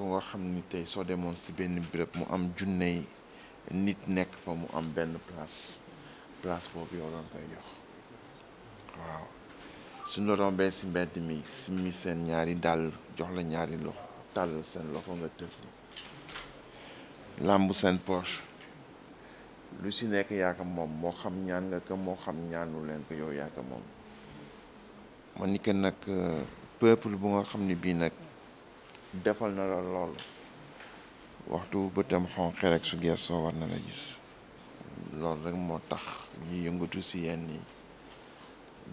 ku nga xam ni tey soo demoon si benn béréb mu am junney nit nekk fa mu am benn place place boobu yow doon jox waaw suñ la rombee si mbedd mi simmi seen ñaari dàll jox la ñaari loxo tàll seen loxo nga tëf làmb seen poche lu si nekk yaa moom moo xam ñaan nga ko moo xam ñaanu leen ko yow yaa moom ma ni que nag euh, peuple bu nga xam ne bii nag defal na la loolu waxtu bëtam xonqe rek su geesoo war na la gis loolu rek moo tax ñuy yëngatu si yenn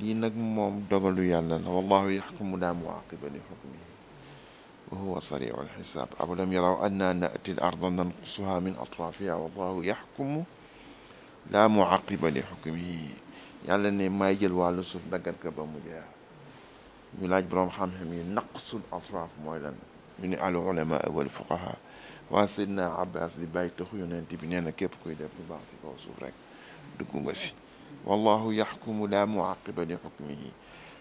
yi nag moom dogalu yàlla la wallahu yaxkumu laa muaqiba li xukmihi wa huwa sariul xisaab awalam li xukmihi yàlla ne maay jël wàllu suuf daggat ka ba mu jeex ñu laaj boroom xam-xam yi naqsul atraaf mooy lan ñu ne al ulama euh, wal fuqaha waa Seydina Abbas di bàyyi taxu yonent bi nee na képp kuy def lu baax si kaw suuf rek dugg si wallahu yaxkumu la muaqiba li xukmihi eh,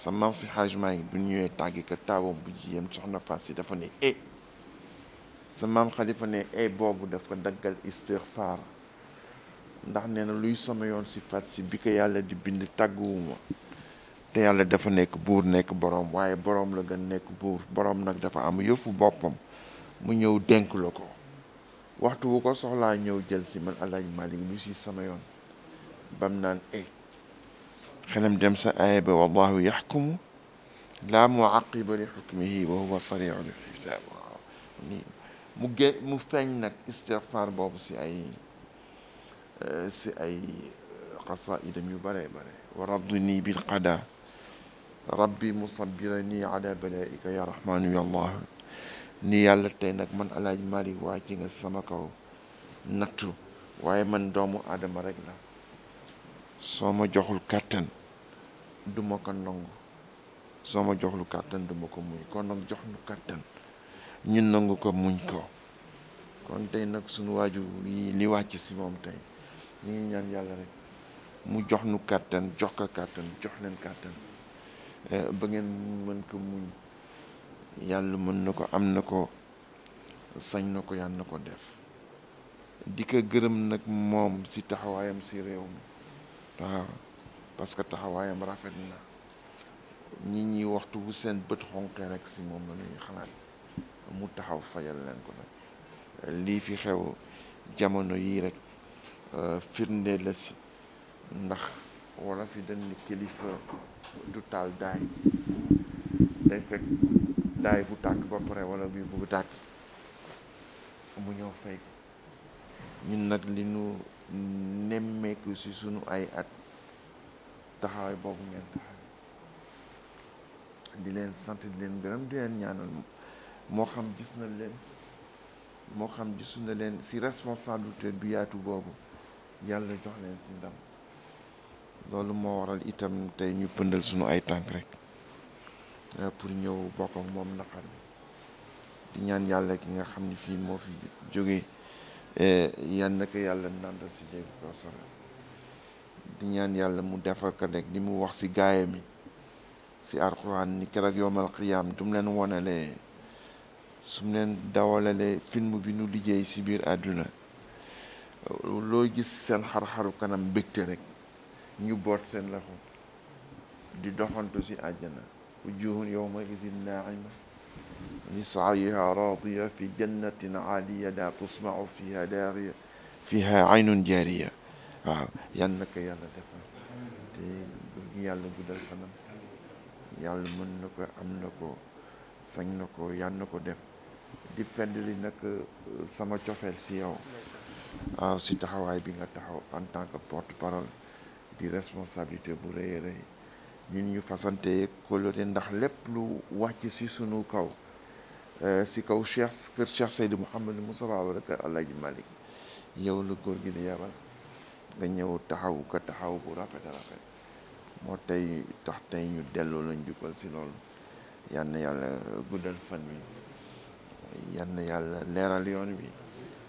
sa maam si xaajmaa yi bu ñëwee tàggi ka taawam bu jiyam soxna Fass si dafa ne e eh, sa maam xalifa ne e boobu dafa daggal istigfaar ndax nee na luy sama yoon si faat si bi ko yàlla di bind tàgguwuma yàlla dafa nekk buur nekk boroom waaye boroom la gën nekk buur boroom nag dafa am yëfu boppam mu ñëw dénk la ko waxtu wu ko soxlaa ñëw jël si man alaaj Malik lu si sama yoon bam naan eh, ay dem sa aaya wallahu yaxkumu laa muaqiba li xukmihi wa mu feeñ nag istigfaar boobu si ay eh, si ay xasaidam yu bare bare wa radni bil qada rabbi musabbirani ala balaika ya rahmaanu ya allah ni yàlla tey nag man alaaj Malick waa ci nga sama kaw nattu waaye man doomu aadama rek la soo ma joxul kàttan du ma ko nangu soo ma joxul kàttan du ma kon nag jox nu kàttan ñu nangu ko muñ ko kon tey nag sunu waaju yi li wàcc si moom tey ñu ngi ñaan yàlla rek mu jox nu kàttan jox ko kàttan jox leen kàttan Eh, ba ngeen mën ko muñ yàlla mën na ko am na ko sañ na ko yàlla na ko def di ko gërëm nag moom ci taxawaayam si réew mi waaw parce que taxawaayam rafet na ñi ñi waxtu bu seen bët xonqee rek si moom la xalaat mu taxaw fajal leen ko nag lii fi xew jamono yii rek eh, firnde la ci ndax wala fi dañ kilifa du taal daay day fekk daay bu tàkk ba pare wala bi bu tàkk mu ñëw fay ñu nag li nu nemmeeku ci sunu ay at taxawaay boobu ngeen taxawee di leen sant di leen gërëm di leen ñaanal moo xam gis na leen leen ci responsabilité bi yaatu boobu yàlla jox leen ci ndam loolu moo waral itam tey ñu pëndal suñu ay tànk rek euh, pour ñëw bokk moom naqar bi di ñaan yàlla ki nga xam ni fii moo fi jógee euh, yan naka yàlla nandal si jéeg ko sore di ñaan yàlla mu defar ko rek li mu wax si gaayam yi si alxuraan ni keroog yoomal xiyaam du mu leen wonalee su mu leen dawalalee film bi nu liggéey ci biir àdduna loo gis seen xar-xaru kanam bégte rek ñu boot seen loxo di doxantu si àjjana wujuhun yawma idin naa'ima li sa'yiha raadiya fi jannatin 'aaliya laa tasma'u fiha daaghiya fiha 'aynun jaariya waaw yan naka yàlla defal te yàlla guddal fanam mën na ko am na ko sañ na ko yan na ko def di feddali nag sama cofeel si yow waaw si taxawaay bi nga taxaw en tant que porte-parole di responsabilité bu rëy a rëy ñu fasante kóllëre ndax lépp lu wàcc ci sunu kaw si euh, kaw Cheikh kër Cheikh Seydi Mouhamadou Moustapha wala kër Alaaji Malick yow la góor gi di yabal nga ñëw taxaw ko taxaw bu rafet a moo tey tax tey ñu delloo lañ jukkal si loolu yàlla na yàlla guddal fan wi yal na yàlla leeral yoon wi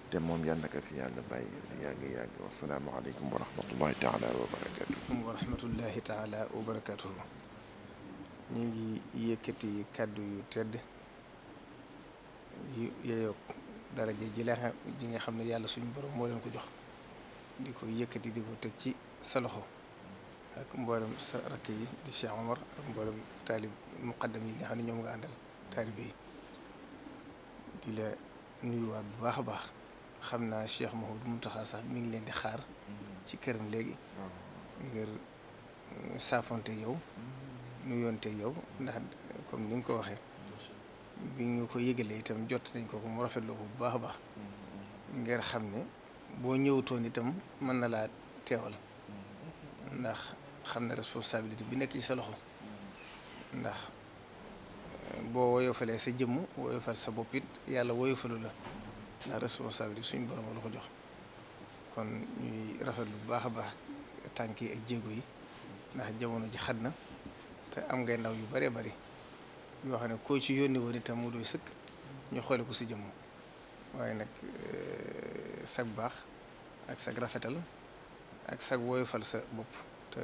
te moom yàlla naka fi yàlla bàyyi yàgg yàgg wasalaamaaleykum wa rahmatullahi taala wa barakatuhu wa rahmatullahi taala wa barakatuhu ñu ngi yëkkati kàddu yu tedd yu yeyoo daraja ji la xam ne yàlla suñu borom moo leen ko jox di ko yëkkati di ko teg ci sa loxo ak mboolem sa rakk yi di Cheikh Omar ak mboolem taalib muqaddam yi nga xam ne ñoom nga àndal taalib di la nuyuwaat bu baax a baax xam naa Cheikh Mahmoud Mountakha sax mi ngi leen di xaar ci këram léegi ngir saafonte yow nuyoonte yow ndax comme ni nga ko waxee bi ñu ko yëgalee itam jot nañ ko ko mu rafetlu ko bu baax a baax ngir xam ne boo ñëwutoon itam mën na laa teewal ndax xam ne responsabilité bi nekk ci sa loxo ndax boo woyofalee sa jëmm woyofal sa boppit yàlla woyofalu la ndax responsabilité suñ borom la ko jox kon ñuy rafet lu baax a baax tànk yi ak jéego yi ndax jamono ji xat na te am ngay ndaw yu bëree bëri yoo xam ne koo ci yónni woon itam mu doy sëkk ñu xoole ko si jëmm waaye nag eh, sag baax ak sag rafetal ak sag woyofal sa bopp te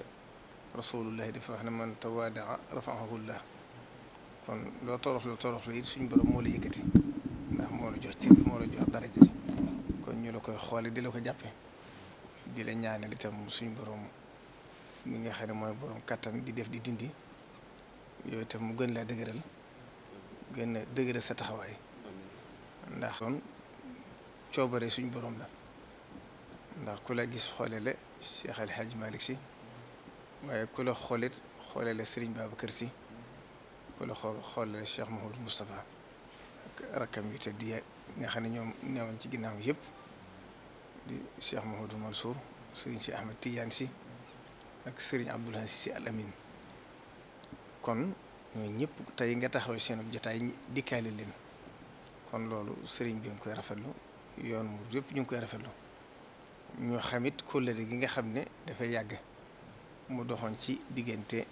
rasulullahi dafa wax ne man waa rafaahu llah kon loo torox loo torox la it suñ borom moo la yëkkati moo la jox cër moo la jox daraja ji kon ñu la koy xoole di la ko jàppe di la ñaanal itam suñ boroom mu ngi xam ne mooy boroom kàttan di def di dindi yooyu itam mu gën la dëgëral gën a dëgëral sa taxawaay ndax doon coobare suñ boroom la ndax ku la gis xoole la Cheikh El Hadj Malick si waaye ku la xoolit xoole la Serigne Babacar si ku la xool xoole la Cheikh Mouhamadou rakkam yu tëdd yi nga xam ne ñoom newoon ci ginnaaw yëpp di Cheikh Mahodou Mansour sëriñ si Ahmed Tidiane si ak sëriñ Abdoul Aziz si Al kon ñooñu ñëpp tey nga taxaw seen jotaay dikkaale leen kon loolu sëriñ bi nga koy rafetlu yoon mu yëpp ñu ngi koy rafetlu ñoo xamit kóllëre gi nga xam ne dafay yàgg mu doxoon ci diggante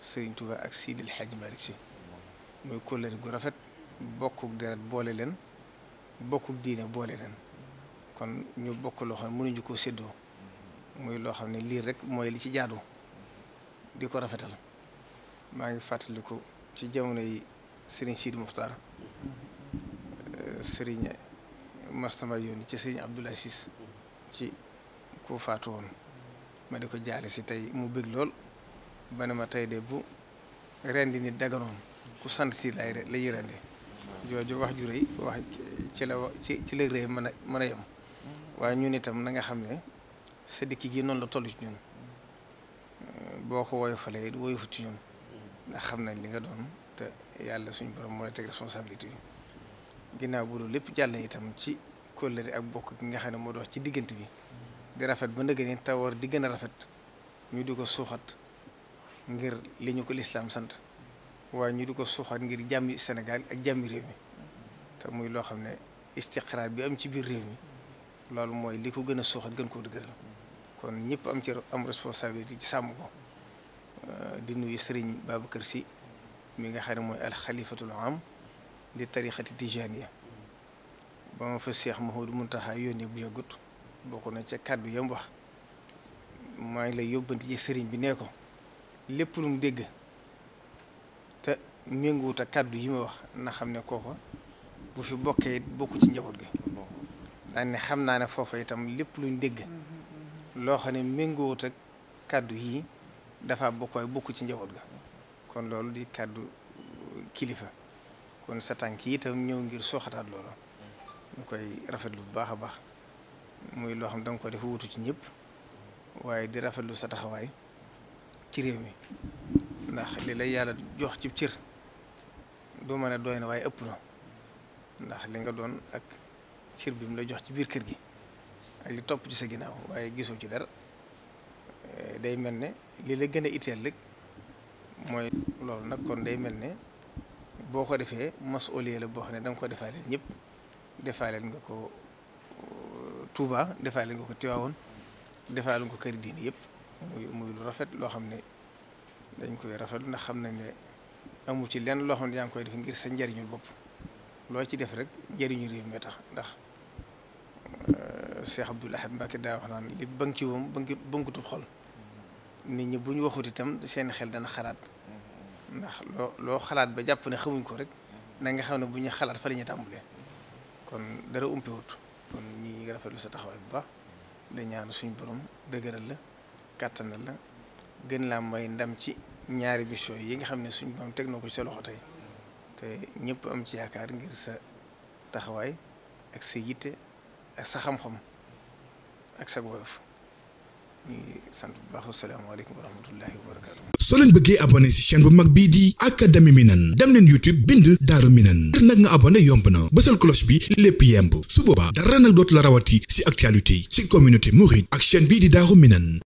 sëriñ Touba ak Sidil Hadj Malick si muy kóllëre gu rafet. bokkuk deret boole leen bokkuk diine boole leen kon ñu bokk loo xam ne mënuñu koo séddoo muy loo xam ne lii rek mooy li ci jaadu di ko rafetal maa ngi fàttaliku ci jamono yi Serigne Sidi sëriñ euh, Serigne sama yoon ci Serigne Abdoulaye Ciss ci ku faatu woon ma di ko jaale si tey mu bég lool ba ne ma tey de bu rendi ni daganoon ku sant si lay lay rendi jooju wax ju rëy wax ci la ci ci la rëy mën a mën a yem waaye ñun itam na nga xam ne sa dikk gi noonu la toll ci ñun euh, boo ko woyofalee woyofu ci ñun ndax xam nañ li nga doon te yàlla suñu borom moo la teg responsabilité bi ginnaaw bu loolu lépp jàll itam ci kóllëre ak bokk gi nga xam ne moo dox ci diggante bi di rafet ba ndëgg ni tawar di gën a rafet ñu di ko suuxat ngir li ñu ko lislaam sant waaye ñu di ko suuxat ngir jàmmi Sénégal ak jàmmi réew mi te muy loo xam ne istiqraar bi am ci biir réew mi loolu mooy li ko gën a suuxat gën koo dëgëral kon ñëpp am ci am responsabilité ci sàmm ko euh, di nuyu sëriñ kër si mi nga xam ne mooy alxalifatul am di tarixati tijaniya ba ma fa Seex Mahmoud Muntaxa yónnee bu yàggut bokk na ca kàddu yam wax maa ngi lay yóbbanti ci sëriñ bi nee ko lépp lum dégg méngoowut ak kàddu yi ma wax na xam ne kooko bu fi bokkee it bokku ci njaboot gi xam naa ne foofa itam lépp luñ dégg loo xam ne méngoowut kàddu yi dafa bokk waaye ci njaboot ga kon loolu di kàddu kilifa kon sa tànk yi itam ñëw ngir soxataat loolu ñu koy rafetlu bu baax a baax muy loo xam danga ko def wutu ci ñëpp waaye di rafetlu sa taxawaay ci réew mi ndax li lay yàlla jox ci cër du ma ne doy na waaye ëpp na ndax li nga doon ak cir la jox ci biir kër gi ak li topp ci sa ginnaaw waaye gisoo ci dara eh, day mel ne li la gën a iteel rek mooy loolu nag kon day mel ne boo ko defee masuliya la boo xam ne da nga ko defaaleel defaa defaaleel nga ko eh, Touba defaaleel nga ko Tiwaawoon defaaleel nga ko kër diini yëpp muy muy lu rafet loo xam ne dañ koy rafet ndax xam nañ ne. amu ci lenn loo xam ne yaa ngi koy def ngir sa njariñu bopp loo ci def rek njariñu réew mi tax ndax euh, Cheikh Abdoul Ahad Mbacké daa wax naan li banki woom banki bënkutub xol nit ñi bu ñu waxut itam seen xel dana xalaat ndax loo xalaat ba jàpp ne xamuñ ko rek na nga xam ne bu ñuy xalaat fa la ñuy kon dara umpewut kon ñi rafet nga rafetlu sa taxawaay bu baax da ñaan suñu borom dëgëral la kàttanal la gën laa may ndam ci ñaari bis yi nga xam ne suñ borom teg na ko ci sa loxo tey te ñëpp am ci yaakaar ngir sa taxawaay ak sa yitte ak sa xam-xam ak sa woyof ñu sant bu baax asalaamaaleykum wa rahmatullahi wa barakaatu. soo leen bëggee abonné ci chaîne bu mag bii di académie Minane dem leen YouTube bind Daaru Minane nga abonné yomb na bësal cloche bi lépp yemb su boobaa dara nag dootu la rawati ci actualité ci communauté mouride ak chaîne bii di Daaru Minane.